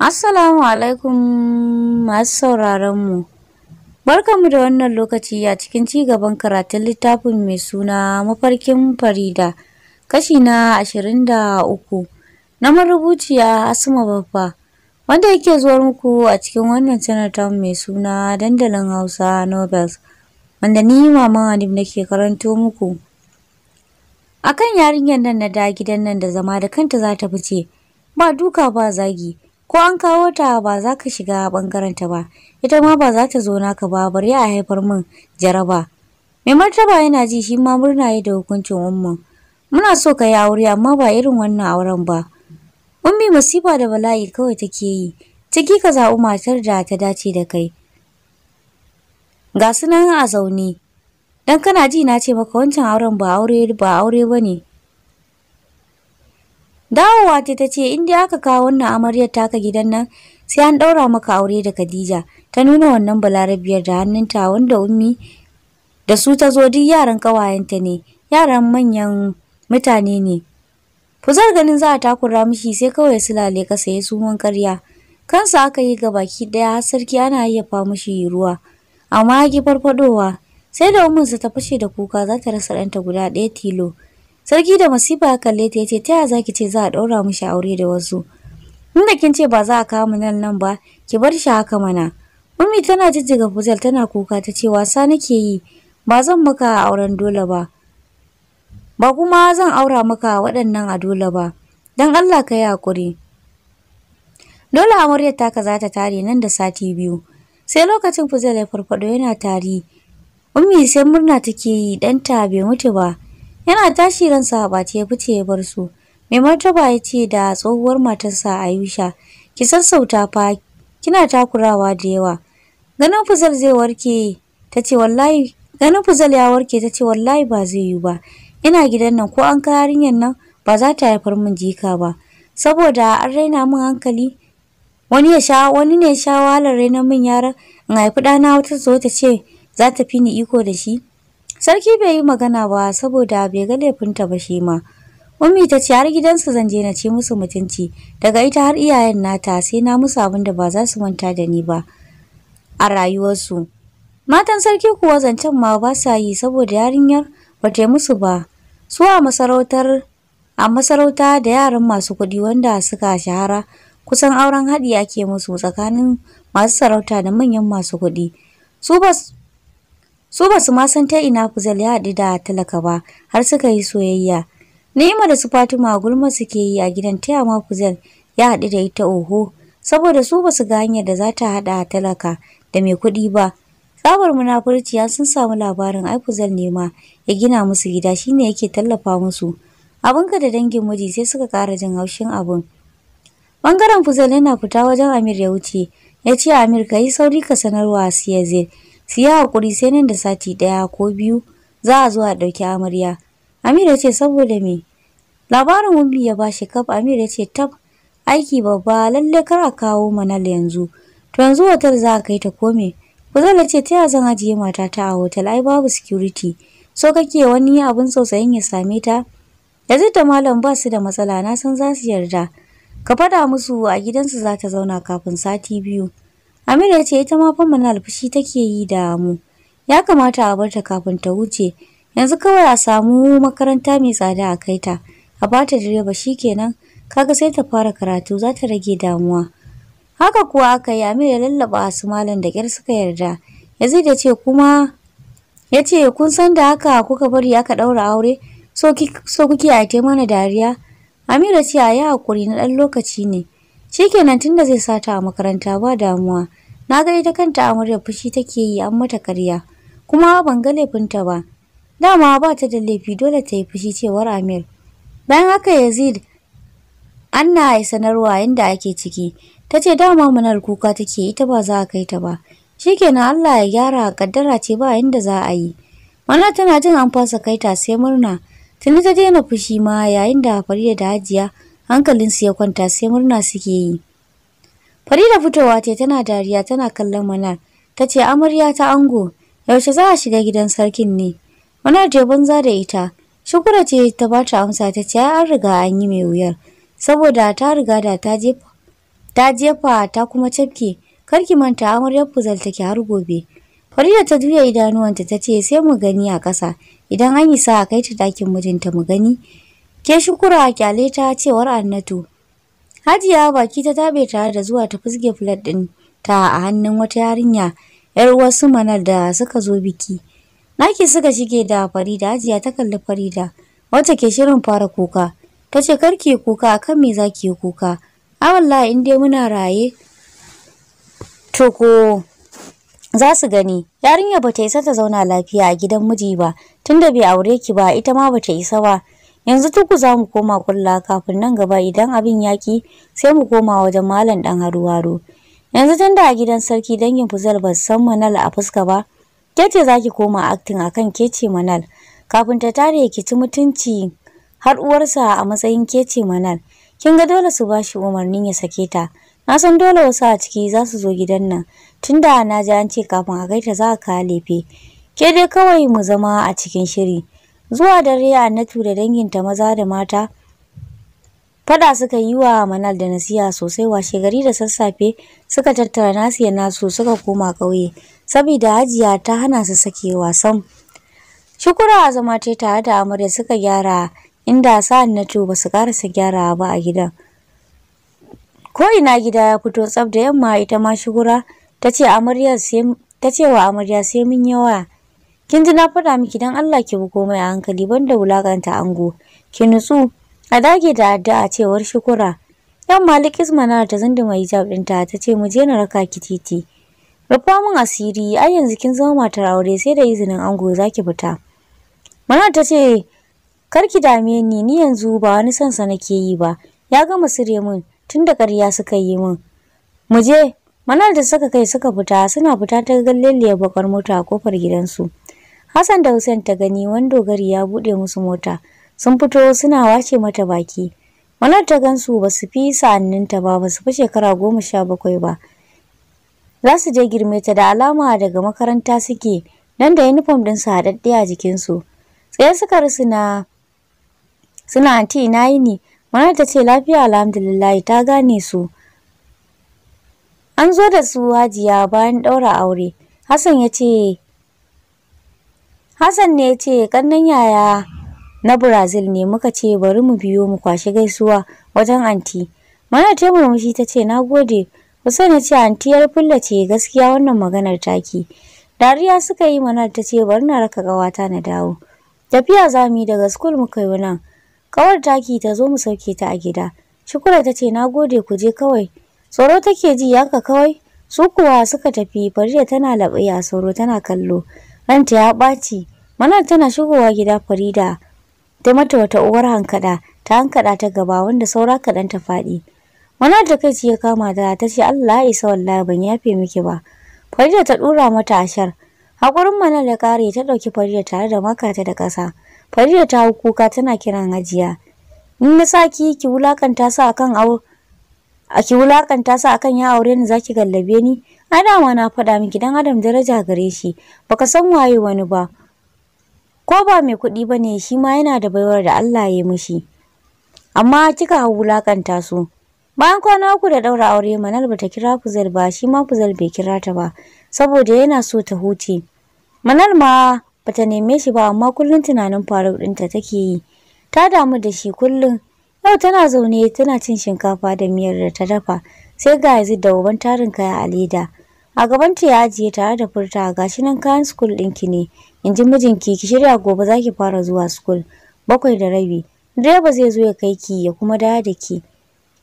Assalamu alaikum masu sauraronmu. Barkanmu da wannan lokaci a cikin ci gaban karatun littafin mai suna mafarkin Farida, kashi na ashirin da uku na marubuciya Asma Baffa, wanda yake zuwa muku a cikin wannan sanata mai suna dandalin Hausa Nobels, wanda ni Mama Halim nake karanto muku. Akan yarinyar nan na da gidan nan da zama da kanta za ta fice, ba duka ba zagi. ko an kawo ta ba za ka shiga ɓangarenta ba ita ma ba za ta zo naka ba bari a haifar min jaraba mai martaba yana ji shi ma murna yi da hukuncin umma muna so ka yi aure amma ba irin wannan auren ba ummi masifa da bala'i kawai take yi ciki ka zaɓi matar da ta dace da kai ga sunan a zaune dan kana ji na ce maka wancan auren ba aure ba aure bane Dawowa ta ta ce inda aka kawo wannan amaryar taka gidan nan sai an ɗaura maka aure da Khadija. Ta nuna wannan balarabiyar da hannunta wanda ummi da su ta zo duk yaran ƙawayenta ne, yaran manyan mutane ne. Fuzar ganin za a takura mishi sai kawai sulale kasa ya mun karya. Kansa aka yi ga baki ɗaya har sarki ana yayyafa mishi ruwa. Amma ya ki farfadowa sai da su ta fashe da kuka za ta rasa ɗanta guda ɗaya tilo. Sarki da masifa ya kalle ta yace ta za ki ce za a ɗaura mishi aure da wasu. In kin ce ba za a kawo nan nan ba, ki bar shi haka mana. Ummi tana jijjiga Fuzel tana kuka ta ce wasa nake yi, ba zan maka auren dole ba. Ba kuma zan aura maka waɗannan a dole ba. Dan Allah ka yi hakuri. Dole amaryar taka za ta tare nan da sati biyu. Sai lokacin Fuzel ya farfado yana tari. Ummi sai murna take yi danta bai mutu ba. Yana tashi ransa ta ya fice ya bar su. Mai martaba ya ce da tsohuwar matarsa Ayusha, ki sassauta fa kina takurawa da yawa. Ganin Fuzal zai warke ta ce wallahi ganin Fuzal ya warke ta ce wallahi ba zai yi ba. Ina gidan nan ko an ka yarinyar nan ba za ta haifar min jika ba. Saboda an raina min hankali wani ya sha wani ne ya sha wahalar rainon min yaran in haifi ɗana wata zo ta ce za ta fi ni iko da shi Sarki bai yi magana ba saboda bai ga laifinta ba shi ma. Ummi ta ce har gidansu zan je na ce musu mutunci daga ita har iyayen nata sai na musu abin da ba za su manta da ni ba a rayuwarsu. Matan sarki kuwa zancen ma ba sa yi saboda yarinyar ba ta musu ba. Su a masarautar a masarauta da yaran masu kuɗi wanda suka shahara kusan auren haɗi ake musu tsakanin masu sarauta da manyan masu kuɗi. Su ba Su ba su ma san ta ina Fuzel ya haɗu da talaka ba har suka yi soyayya. Ni'ima da su Fatima gulma suke yi a gidan taya ma Fuzel ya haɗu da ita oho saboda su ba su ga hanyar da za ta haɗa talaka da mai kuɗi ba. Tsabar munafurciya sun samu labarin ai Fuzal ne ma ya gina musu gida shine yake tallafa musu. Abinka da dangin miji sai suka ƙara jin haushin abin. Bangaren Fuzel yana fita wajen Amir ya wuce, ya ce Amir ka yi sauri ka sanarwa a Siyazir su yi haƙuri sai nan da sati ɗaya ko biyu za a zo a ɗauki amarya. Amira ce saboda me? Labarin Wummi ya bashi kaf Amira ce tab aiki babba lalle kar a kawo manal yanzu. To yanzu hotel za a kai ta ko kome. Kuzala ce ta ya zan ajiye matata a hotel ai babu security. So kake wani abin sosayin ya same ta? Yanzu ta malam ba su da matsala na san za su yarda. Ka faɗa musu a gidansu za ta zauna kafin sati biyu. Amira ya ce ita ma fa mana alfishi take yi da mu. Ya kamata a barta kafin ta wuce. Yanzu kawai a samu makaranta mai tsada a kai ta. A ba ta direba shikenan. Kaga sai ta fara karatu za ta rage damuwa. Haka kuwa aka yi Amira lallaba su malam da ƙyar suka yarda. Yanzu da ce kuma ya kun san da haka kuka bari aka ɗaura aure so kuke a mana dariya. Amira ce a yi haƙuri na ɗan lokaci ne. Shikenan tunda zai sata a makaranta ba damuwa. Na ga ita kanta a murya fushi take yi an mata karya, kuma ban ga laifinta ba. Dama ba ta da laifi dole ta yi fushi cewar Amir. Bayan haka Yazid, na yi sanarwa inda ake ciki, ta ce dama munar kuka take ita ba za a kai ta ba. Shikenan Allah ya gyara kaddara ce ba inda za a yi. Mana tana jin an fasa kaita sai murna. Tuni ta daina fushi ma yayin da Farida da Hajiya hankalinsu ya kwanta sai murna suke yi. Farida fitowa ce tana dariya tana kallon Manar. Ta ce amarya ta ango, yaushe za a shiga gidan sarkin ne? Manar je banza da ita. Shukura ce ta ba ta amsa ta ce an riga an yi mai wuyar. Saboda ta riga da ta jefa ta jefa ta kuma cafke. Karki manta amaryar fuzal take har gobe. Farida ta juya idanuwanta ta ce sai mu gani a ƙasa idan an yi sa kai ta dakin mijinta mu gani. Ke shukura kyale ta cewar Annatu. Hajiya baki ta tabe tare da zuwa ta fusge flat ɗin ta a hannun wata yarinya ‘yar wasu manar da suka zo biki. Naki suka shige da Farida Hajiya ta kalli Farida wacce ke shirin fara kuka. Ta ce karki kuka akan me za ki kuka. A wallahi in dai muna raye to ko za su gani yarinya ba ta isa ta zauna lafiya a gidan miji ba tunda bai aure ki ba ita ma ba ta isa ba. yanzu tuku za mu koma kulla kafin nan gaba idan abin yaki sai mu koma wajen malam dan haruwaro yanzu tunda a gidan sarki dangin fuzal ba san manal a fuska ba ke zaki koma acting akan ke manal kafin ta tare ki ci mutunci har uwarsa a matsayin ke manal kin ga dole su bashi umarnin ya sake ta na san dole wasu a ciki za su zo gidan nan tunda na ji an ce kafin a gaita za ka kawo lefe ke dai kawai mu zama a cikin shiri Zuwa dare Annatu da danginta maza da mata fada suka yi wa Manal da Nasiya sosai washe gari da sassafe suka tattara Nasiya nasu suka koma ƙauye saboda Hajiya ta hana su sakewa sam. Shukura zama ce tare da Amarya suka gyara inda sa Annatu ba su karasa gyara ba a gidan. Ko ina gida ya fito tsaf da yamma ita ma shugura ta ce wa amarya sai mun yi kin ji na faɗa miki dan Allah ki bi komai a hankali banda wulakanta ango ki nutsu a dage da addu'a cewar shukura yan malik ismana ta mai hijab ɗinta ta ce mu je na raka ki titi rufa mun asiri ai yanzu kin zama matar aure sai da izinin ango zaki fita mana ta ce kar ki dame ni ni yanzu ba wani son sa nake yi ba ya gama sire mun, tun da ƙarya suka yi mun. mu je manar da suka kai suka fita suna fita ta galleliyar bakar mota a kofar gidansu Hassan da Hussein ta gani wani dogari ya buɗe musu mota sun fito suna wace mata baki. Wannan ta gansu ba su fi sa'annin ba ba su fi shekara goma sha bakwai ba. Za su je girme ta da alama daga makaranta suke nan da yunifom ɗinsu haɗaɗɗe a jikinsu. Tsaye suka rusuna suna anti na yi ne Manar ta ce lafiya alhamdulillah ta gane su. An zo da su hajiya bayan ɗaura aure. Hassan ya ce Hassan ne ya ce kannan yaya na Brazil ne muka ce bari mu biyo mu kwashi gaisuwa wajen anti. Mana ta murmushi ta ce nagode. kusa na ce anti yar fulla ce gaskiya wannan maganar taki. Dariya suka yi mana ta ce bari na raka gawata na dawo. Tafiya za mu yi daga school muka yi nan. Kawar taki ta zo mu sauke ta a gida. Shukura ta ce nagode ku je kawai. Tsoro take ji yanka kawai. Su kuwa suka tafi Farida tana laɓe a sauro tana kallo. ta ya ɓaci manar tana shigowa gida farida ta mata wata uwar hankada ta hankada ta gaba wanda saura kaɗan ta faɗi manar da kai ya kama da ta ce allah ya isa wallahi ban yafe miki ba farida ta ɗura mata ashar haƙurin manar ya ƙare ta ɗauki farida tare da makata da ƙasa farida ta hau kuka tana kiran hajiya in na sa ki wulakanta su akan au a ki wulakanta su akan ya aure ni zaki gallabe ni Ai dama na faɗa miki dan Adam daraja gare shi, baka san waye wani ba. Ko ba mai kuɗi ba ne shi ma yana da baiwar da Allah ya yi mishi. Amma kika hau wulakanta su. Bayan kwana uku da ɗaura aure Manal ta kira fuzal ba shi ma fuzal bai kira ta ba saboda yana so ta huce. Manal ma ba ta neme shi ba amma kullum tunanin faruk ɗinta take yi. Ta damu da shi kullum. Yau tana zaune tana cin shinkafa da miyar da ta dafa sai ga yanzu da uban tarin kaya a leda. a gabanta ya ajiye tare da furta ga shi nan kayan school ɗinki ne in ji mijinki ki shirya gobe za ki fara zuwa school bakwai da rabi direba zai zo ya kai ki ya kuma dawo da ki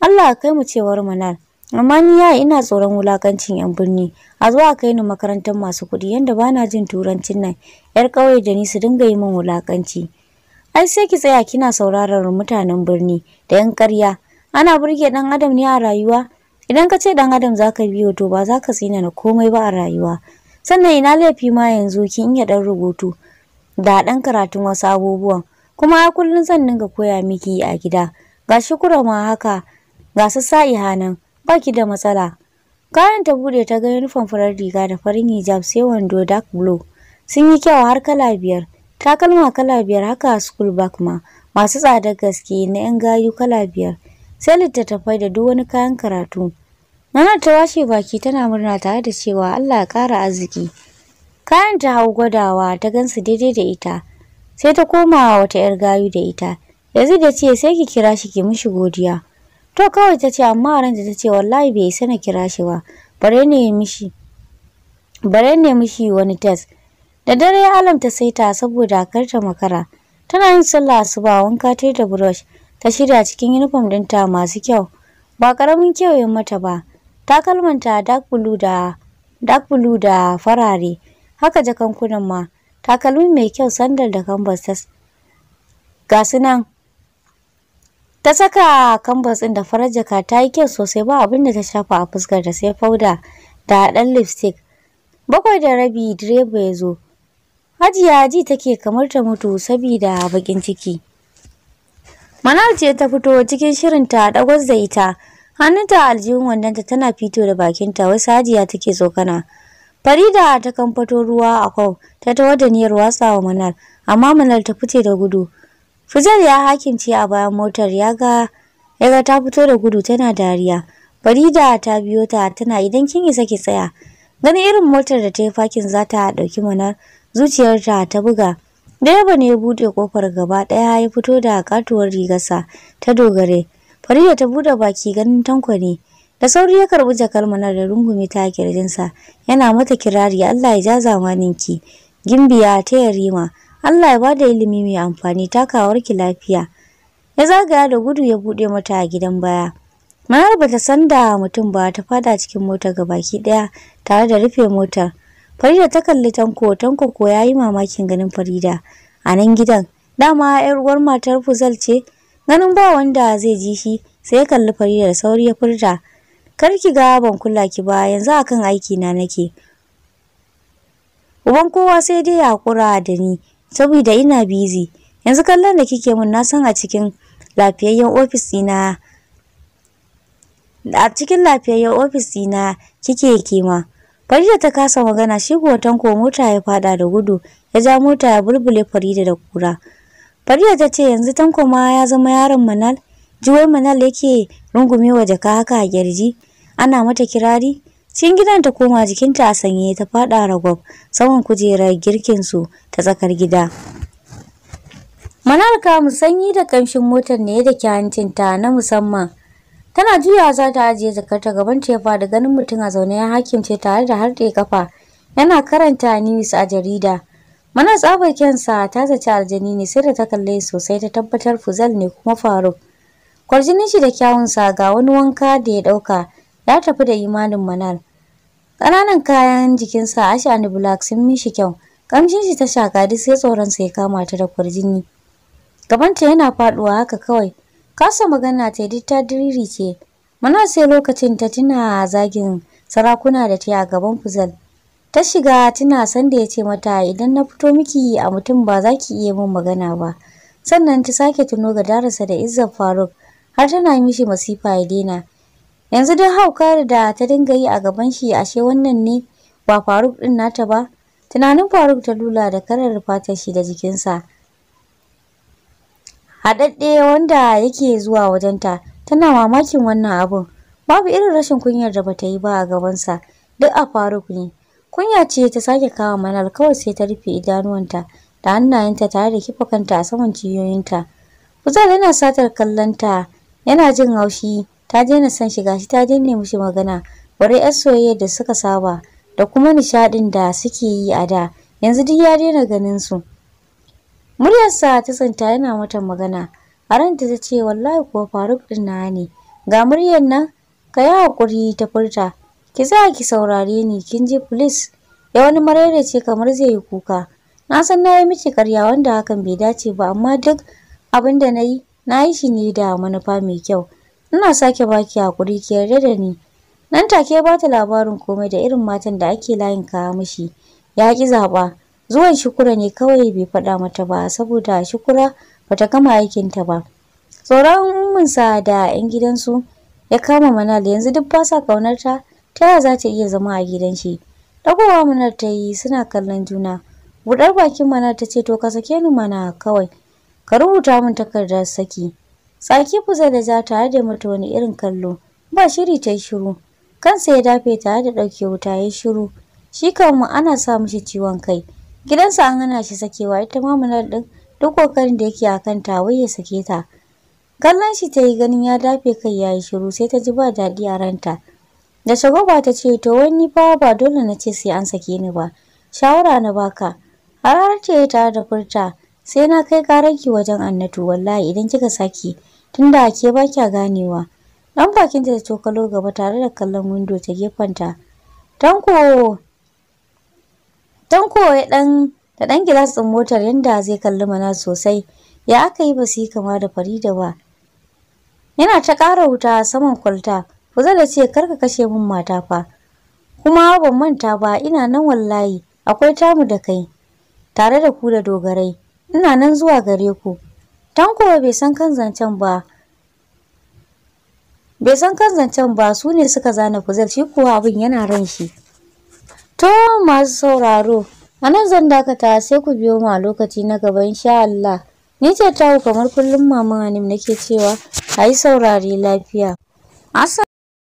Allah ya kai mu cewar manar amma ni yaya ina tsoron wulakancin yan birni a zuwa kai ni makarantar masu kuɗi yanda bana jin turancin nan yar ƙauye da ni su dinga yi min wulakanci ai sai ki tsaya kina sauraron mutanen birni da yan ƙarya ana burge ɗan adam ne a rayuwa idan ka ce dan adam zaka biyo to ba zaka tsina na komai ba a rayuwa sannan ina laifi ma yanzu kin iya dan rubutu da dan karatun wasu abubuwan kuma a kullun zan dinga koya miki a gida ga shukura ma haka ga su sa'i hanan baki da matsala Kayan ta bude ta ga uniform farar riga da farin hijab sai wando dark blue sun yi kyau har kala biyar takalma kala biyar haka school bag ma masu tsadar gaske na 'yan gayu kala biyar sai littattafai da duk wani kayan karatu Nana ta washe baki tana murna tare da cewa Allah ya ƙara arziki. Kayan ta hau gwadawa ta gansu daidai da ita. Sai ta koma wata 'yar gayu da ita. Yanzu da ce sai ki kira shi ki mishi godiya. To kawai ta ce amma ran da ta ce wallahi bai isa na kira shi ba. Bare ne mishi. wani tes. Da dare ya alamta saita saboda karta makara. Tana yin sallah su ba wanka ta da brush. Ta shirya cikin uniform ɗinta masu kyau. Ba ƙaramin kyau ya mata ba. takalmanta dark blue da dark blue da farare haka jakankunan ma takalmi mai kyau sandal da canvas ta nan ta saka canvas ɗin da farar jaka ta yi kyau sosai ba abin da ta shafa a fuskar da sai fauda da ɗan lipstick bakwai da rabi direba ya zo hajiya ji take kamar ta mutu sabida bakin ciki Manal ce ta fito cikin shirinta ta da ita hannunta a aljihun wandonta tana fito da bakinta wai hajiya take tsokana farida ta kamfato ruwa a kwau ta tawar da niyyar watsa wa manal amma manal ta fice da gudu fujar ya hakince a bayan motar ya ga ya ga ta fito da gudu tana dariya farida ta biyo ta tana idan kin isa ki tsaya Gani irin motar da ta yi fakin za ta ɗauki manal zuciyarta ta buga direba ne ya buɗe kofar gaba ɗaya ya fito da katuwar rigarsa ta dogare Farida ta bude baki ganin Tanko ne. Da sauri ya karbi jakar mana da rungume ta kirjinsa. Yana mata kirari Allah ya ja zamanin ki' Gimbiya ta yarima. Allah ya bada ilimi mai amfani takawarki lafiya. Ya zagaya da gudu ya bude mata a gidan baya. Manar bata san da mutum ba ta fada cikin mota ga baki daya tare da rufe motar. Farida ta kalli Tanko, Tanko ko yayi mamakin ganin Farida a nan gidan. Dama 'yar uwar matar Fuzal ce, ganin ba wanda zai ji shi sai ya kalli Farida da sauri ya furta kar ki ga ban kula ki ba yanzu akan aiki na nake uban kowa sai dai ya kura da ni saboda ina busy yanzu kallon da kike mun na san a cikin lafiyayyen ofis ɗina a cikin lafiyayyen ofis dina kike kima Farida ta kasa magana shi kuwa tanko mota ya fada da gudu ya ja mota ya bulbule Farida da kura Fariya ta ce yanzu Tanko ma ya zama yaron Manal, juwai Manal yake rungume wa jaka haka a gyarji, ana mata kirari. Cikin gidan ta koma jikinta a sanye ta faɗa ragwab saman kujerar girkin su ta tsakar gida. Manal kamu sanyi da kamshin motar ne da hancinta na musamman. Tana juya za ta ajiye jakarta gaban tefa da ganin mutum a zaune ya hakimce tare da harɗe kafa. Yana karanta news a jarida. Mana tsabar kyansa ta zaci aljani ne sai da ta kalle sosai ta tabbatar Fuzal ne kuma Faruk. Kwarjinin shi da kyawunsa ga wani wanka da ya ɗauka ya tafi da imanin Manal. Ƙananan kayan jikinsa Asha and Black sun mishi kyau. ƙamshin shi ta shaka duk sai sa ya kama ta da kwarjini. Gabanta yana faɗuwa haka kawai. Kasa magana ta duk ta diriri ce. Mana sai lokacin ta tuna zagin sarakuna da ta a gaban Fuzal. ta shiga tana sanda ya ce mata idan na fito miki a mutum ba za ki iya mun magana ba sannan ta sake tuno ga darasa da izzar faruk har tana mishi masifa ya daina yanzu don haukar da ta dinga yi a gaban shi ashe wannan ne ba faruk din nata ba tunanin faruk ta lula da karar fatar shi da jikinsa haɗaɗɗe wanda yake zuwa wajenta tana mamakin wannan abun babu irin rashin kunyar da bata yi ba a gabansa duk a faruk ne Kunya ce ta sake kawo manar kawai sai ta rufe idanuwanta da hannayenta tare da kifa kanta a saman ciyoyinta. Kuzar yana satar kallonta yana jin haushi ta daina son shiga shi ta daina mishi magana bari yar soyayya da suka saba da kuma nishadin da suke yi a da yanzu duk ya daina ganin su. Muryarsa ta tsinta yana mata magana a ranta ta ce wallahi kuwa Faruk ɗin ne ga muryar nan ka yi haƙuri ta furta Ki za ki saurare ni kin ji please. Ya wani marere ce kamar zai yi kuka. Na san na yi miki karya wanda hakan bai dace ba amma duk abin da na yi na yi shi ne da manufa mai kyau. Ina sake baki hakuri ki yarda da ni. Nan take ba ta labarin komai da irin matan da ake layin kawo mishi. Ya ki zaɓa. Zuwan shukura ne kawai bai faɗa mata ba saboda shukura bata gama aikinta ba. Tsoron umminsa da 'yan gidansu ya kama Manal yanzu duk ba sa ƙaunarta ta yaya za ta iya zama a gidan shi dagowa manar ta yi suna kallon juna buɗar bakin mana ta ce to ka sake ni mana kawai ka rubuta min takardar saki tsaki fuza da za tare da mata wani irin kallo ba shiri ta yi shiru kansa ya dafe tare da ɗauke wuta ya shiru shi kanmu ana sa mishi ciwon kai gidansa an hana shi sakewa ita ma manar ɗin duk ƙoƙarin da yake a kanta wai ya sake ta kallon shi ta yi ganin ya dafe kai ya yi shiru sai ta ji ba daɗi a ranta Da shagwaba ta ce to wani ba ba dole na ce sai an sake ni ba. Shawara na baka. har Harar ce tare da furta sai na kai karanki wajen annatu wallahi idan kika saki tunda ke ba kya ganewa. Dan bakin ta cokalo gaba tare da kallon windo ta gefenta. Tanko Tanko ya dan da dan gilas din motar yanda zai kalli mana sosai. Ya aka yi basi kama da Farida ba. Yana ta ƙara wuta saman kwalta. da ce kar ka kashe min mata fa. Kuma ban manta ba ina nan wallahi akwai tamu da kai. Tare da ku da dogarai. Ina nan zuwa gare ku. Tanko bai san kan zancen ba. Bai san kan zancen ba su ne suka zana Fuzal shi kuwa abin yana ran shi. To masu sauraro, a nan zan dakata sai ku biyo mu a lokaci na gaba insha Allah. Ni ce tawo kamar kullum Mama Hanim nake cewa ayi saurare lafiya.